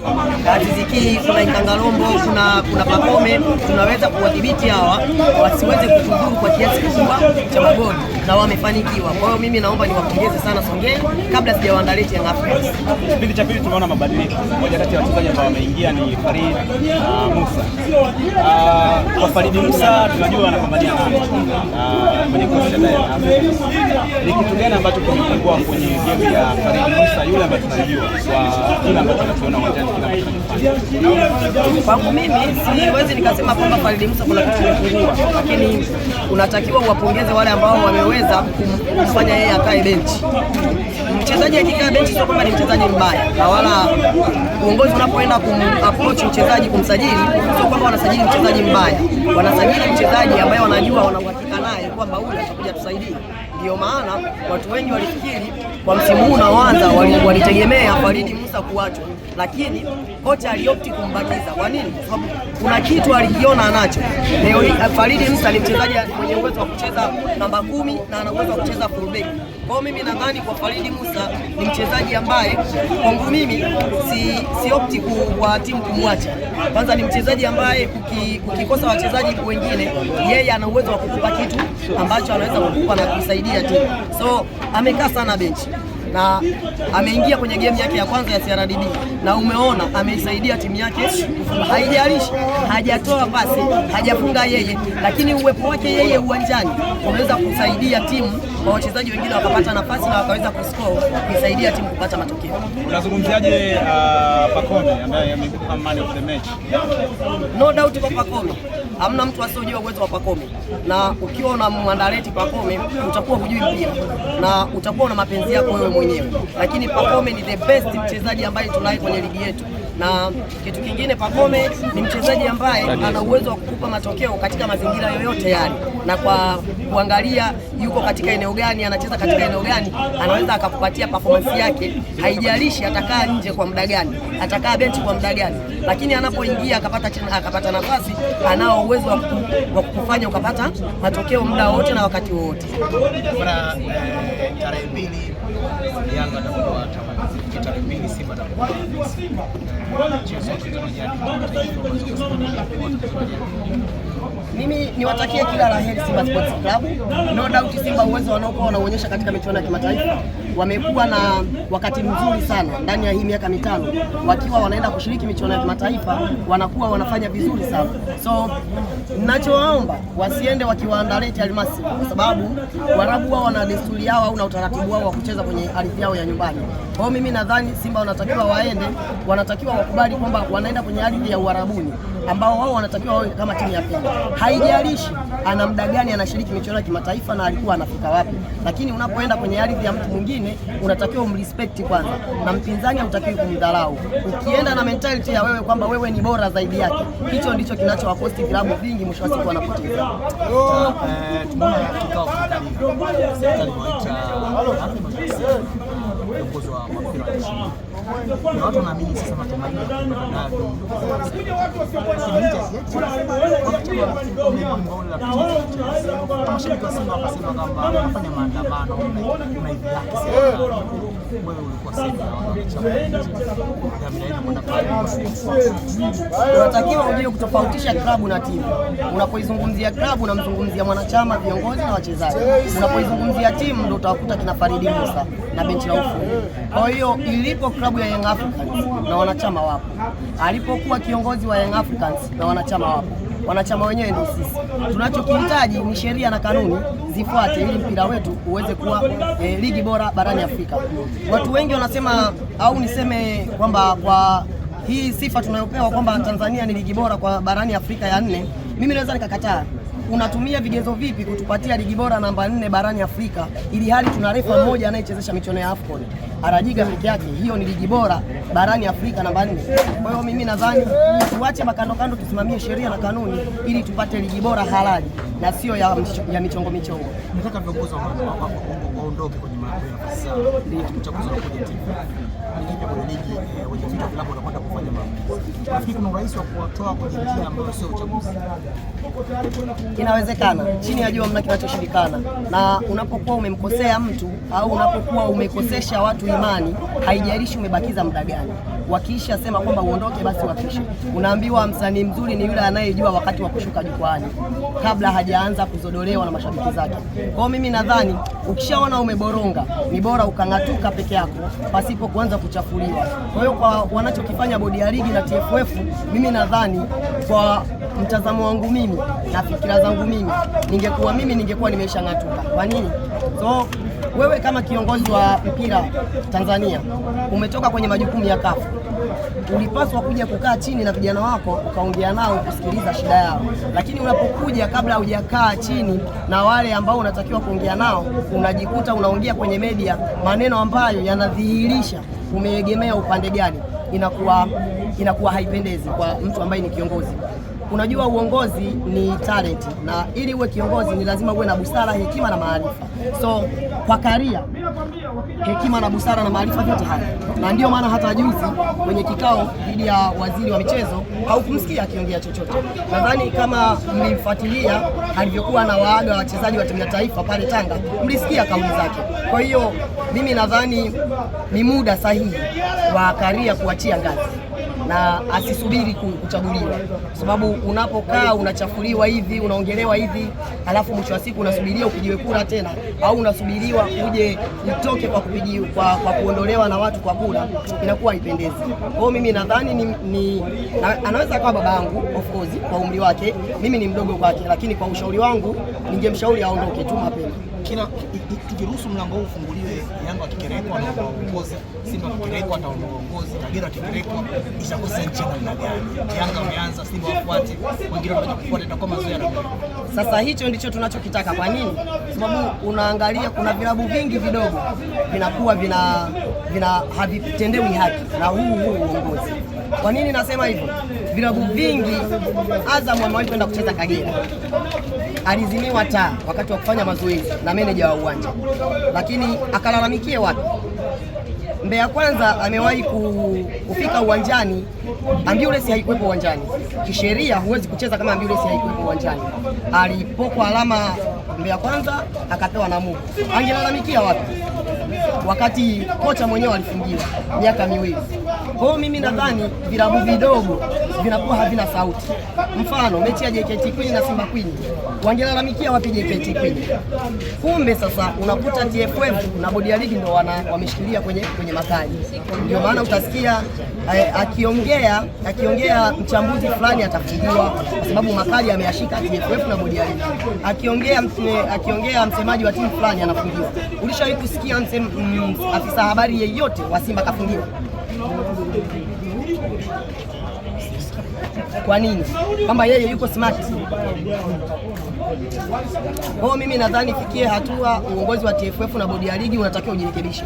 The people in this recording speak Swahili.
usambazaji. Riziki kuna Ikangalombo, kuna kuna Pakome, tunaweza kuwadhibiti hawa wasiweze kutudhuru kwa kiasi kikubwa cha magoli, na wamefanikiwa. Kwa hiyo mimi naomba niwapongeze sana Songea kabla sijawaandalia Young Africans. Kipindi cha pili tumeona mabadiliko, mmoja kati ya wachezaji ambao wameingia ni Farid uh, Musa. Uh, kwa Farid Musa tunajua anapambania nani uh, kwenye kosi cha Young Africans. Ni kitu gani ambacho kimepungua kwenye game ya Farid Musa yule ambaye tunajua kwa kile ambacho tunaona uwanjani? Kwangu mimi siwezi nikasema kwamba Khalid Musa kuna kitu kimepungua, lakini unatakiwa uwapongeze wale ambao wameweza kumfanya yeye akae benchi. Mchezaji akikaa benchi sio kwamba ni mchezaji mbaya, na wala uongozi unapoenda kumapproach mchezaji kumsajili, sio kwamba wanasajili mchezaji mbaya, wanasajili mchezaji ambaye wanajua wanauhakika naye kwamba huyu atakuja tusaidia ndio maana watu wengi walifikiri kwa msimu huu unaoanza, walitegemea Faridi Musa kuachwa, lakini kocha aliopti kumbakiza. Kwa nini? kuna kitu alikiona anacho. Leo eh, Faridi Musa ni mchezaji mwenye uwezo wa kucheza namba kumi na ana uwezo wa kucheza fullback. Kwa mimi nadhani kwa Faridi Musa ni mchezaji ambaye kwangu mimi si, si opti kwa timu kumwacha. Kwanza ni mchezaji ambaye ukikosa wachezaji wengine, yeye ana uwezo wa kukupa kitu ambacho anaweza kukupa na kusaidia timu, so amekaa sana benchi na ameingia kwenye game yake ya kwanza ya CRDB na umeona ameisaidia timu yake, haijalishi hajatoa pasi, hajafunga yeye, lakini uwepo wake yeye uwanjani umeweza kusaidia timu kwa wachezaji wengine wakapata nafasi na wakaweza kuscore kuisaidia timu kupata matokeo. Unazungumziaje uh, Pacome ambaye amekuwa man of the match? No doubt kwa Pacome, hamna mtu asiyojua uwezo wa Pacome, na ukiwa unamwandaleti Pacome utakuwa hujui mpira na utakuwa na mapenzi yako wewe mwenyewe, lakini Pacome ni the best mchezaji ambaye tunaye kwenye ligi yetu, na kitu kingine, Pacome ni mchezaji ambaye ana uwezo wa kukupa matokeo katika mazingira yoyote yale, na kwa kuangalia yuko katika eneo gani, anacheza katika eneo gani, anaweza akakupatia performance yake. Haijalishi atakaa nje kwa muda gani, atakaa benchi kwa muda gani, lakini anapoingia akapata akapata nafasi, anao uwezo wa kufanya ukapata matokeo muda wote na wakati wowote. Eh, tarehe mbili Yanga atakuwa tarehe mbili, Simba atakuwa mchezo wa kutarajia mimi niwatakie kila la heri Simba Sports Club. No doubt Simba uwezo wanaokuwa wanaonyesha katika michuano ya kimataifa, wamekuwa na wakati mzuri sana ndani ya hii miaka mitano, wakiwa wanaenda kushiriki michuano ya kimataifa, wanakuwa wanafanya vizuri sana. So ninachowaomba wasiende wakiwaandalete Almasi, kwa sababu Waarabu wao wana desturi yao au na utaratibu wao wa kucheza kwenye ardhi yao ya nyumbani. Kwa mimi nadhani Simba wanatakiwa waende, wanatakiwa wakubali kwamba wanaenda kwenye ardhi ya Uarabuni ambao wao wanatakiwa wawe kama timu ya pili haijalishi ana muda gani anashiriki michezo ya kimataifa na alikuwa anafika wapi, lakini unapoenda kwenye ardhi ya mtu mwingine unatakiwa umrespect kwanza, na mpinzani hautakiwi kumdharau. Ukienda na mentality ya wewe kwamba wewe ni bora zaidi yake, hicho ndicho kinachowakosti vilabu vingi, mwisho wa siku wanapoteza. Eh, unatakiwa ujue kutofautisha klabu na timu. Unapoizungumzia klabu unamzungumzia mwanachama, viongozi na wachezaji. Unapoizungumzia timu ndio utawakuta kina Faridi Musa na benchi la ufundi. Kwa hiyo ilipo klabu klabu ya Young Africans na wanachama wapo, alipokuwa kiongozi wa Young Africans na wanachama wapo. Wanachama wenyewe ndio sisi. Tunachokihitaji ni sheria na kanuni zifuate, ili mpira wetu uweze kuwa e, ligi bora barani Afrika. Watu wengi wanasema au niseme kwamba kwa hii sifa tunayopewa kwamba Tanzania ni ligi bora kwa barani Afrika ya nne, mimi naweza nikakataa unatumia vigezo vipi kutupatia ligi bora namba nne barani Afrika ili hali tuna refa mmoja anayechezesha michuano ya AFCON Arajiga peke yake? Hiyo ni ligi bora barani Afrika namba nne. Kwa hiyo mimi nadhani tuache makando kando, tusimamie sheria na kanuni ili tupate ligi bora halali na sio ya, ya michongo michongo. Nataka viongozi waondoke kwenye mambo ya pesa. Uchaguzi wa kwenye TV. Nikipe kwenye ligi eh, wenye vitu vilabu wanakwenda kufanya maamuzi. Nafikiri kuna urahisi wa kuwatoa kwenye njia ambayo sio uchaguzi. Inawezekana. Chini ya jua mna kinachoshindikana. Na unapokuwa umemkosea mtu au unapokuwa umekosesha watu imani, haijalishi umebakiza muda gani. Wakiisha sema kwamba uondoke, basi wakisha Unaambiwa msanii mzuri ni yule anayejua wakati wa kushuka jukwaani kabla haja hajaanza kuzodolewa na mashabiki zake. Kwa mimi nadhani ukishaona umeboronga ni bora ukang'atuka peke yako pasipo kuanza kuchafuliwa. Kwa hiyo kwa wanachokifanya bodi ya ligi na TFF, mimi nadhani kwa mtazamo wangu mimi na fikira zangu mimi, ningekuwa mimi ningekuwa nimeshang'atuka. Kwa nini? So wewe kama kiongozi wa mpira Tanzania umetoka kwenye majukumu ya kafu ulipaswa kuja kukaa chini na vijana wako ukaongea nao kusikiliza shida yao, lakini unapokuja kabla hujakaa chini na wale ambao unatakiwa kuongea nao, unajikuta unaongea kwenye media maneno ambayo yanadhihirisha umeegemea upande gani. Inakuwa, inakuwa haipendezi kwa mtu ambaye ni kiongozi. Unajua, uongozi ni talent, na ili uwe kiongozi ni lazima uwe na busara, hekima na maarifa. So kwa Karia hekima na busara na maarifa vyote haya, na ndio maana hata juzi kwenye kikao dhidi ya waziri wa michezo haukumsikia akiongea chochote. Nadhani kama mlimfuatilia alivyokuwa na waaga wachezaji wa timu ya taifa pale Tanga, mlisikia kauli zake. Kwa hiyo mimi nadhani ni muda sahihi wa Karia kuachia ngazi na asisubiri kuchaguliwa, kwa sababu unapokaa unachafuliwa hivi, unaongelewa hivi, alafu mwisho wa siku unasubiria upigiwe kura tena, au unasubiriwa uje utoke kwa kupigiwa, kwa, kwa kuondolewa na watu kwa kura, inakuwa haipendezi. Kwa hiyo mimi nadhani ni, ni na, anaweza akawa baba yangu of course kwa umri wake, mimi ni mdogo kwake, lakini kwa ushauri wangu ningemshauri aondoke tu mapema kila tukiruhusu mlango huu ufunguliwe, Yanga akikerekwa na uongozi, Simba akikerekwa na uongozi, Kagera akikerekwa, itakosa nchi namna gani? Yanga wameanza, Simba wafuate, wengine wanataka kufuata, itakuwa mazoea. Sasa hicho ndicho tunachokitaka. Kwa nini? Sababu unaangalia kuna vilabu vingi vidogo vinakuwa vina, vina havitendewi haki na huu huu uongozi kwa nini nasema hivyo? Vilabu vingi Azam amewahi kwenda kucheza Kagera, alizimiwa taa wakati wa kufanya mazoezi na meneja wa uwanja, lakini akalalamikie wapi? Mbeya Kwanza amewahi kufika uwanjani, ambulance haikuwepo uwanjani. Kisheria huwezi kucheza kama ambulance haikuwepo uwanjani. Alipokwa alama Mbeya Kwanza akapewa Mungu, angelalamikia wapi wakati kocha mwenyewe alifungiwa miaka miwili? Kwa hiyo mimi nadhani vilabu vidogo vinakuwa havina sauti. Mfano mechi ya JKT Queen na Simba Queen, wangelalamikia wapi JKT Queen? Kumbe sasa unakuta TFF na bodi ya ligi ndio wameshikilia kwenye, kwenye mataji. Ndio maana utasikia eh, akiongea akiongea mchambuzi fulani atafujiwa kwa sababu makali ameyashika TFF na bodi ya ligi. Akiongea eh, akiongea msemaji wa timu fulani anafungiwa. Ulishawahi kusikia mm, afisa habari yeyote wa Simba kafungiwa? Kwa nini? Kwamba yeye yuko smart. Kwa mimi nadhani fikie hatua uongozi wa TFF na bodi ya ligi unatakiwa ujirekebishe.